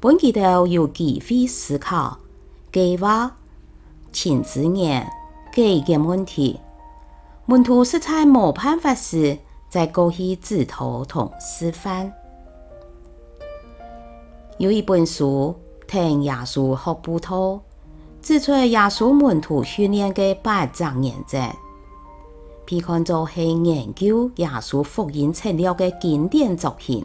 本季度有幾費思考、計劃、請字眼、記憶問題。門徒實在冇辦法時，再勾佢指頭同示範。有一本書，聽耶穌學不透指出耶穌門徒訓練的八大原則，被看作是研究耶穌福音材料的經典作品。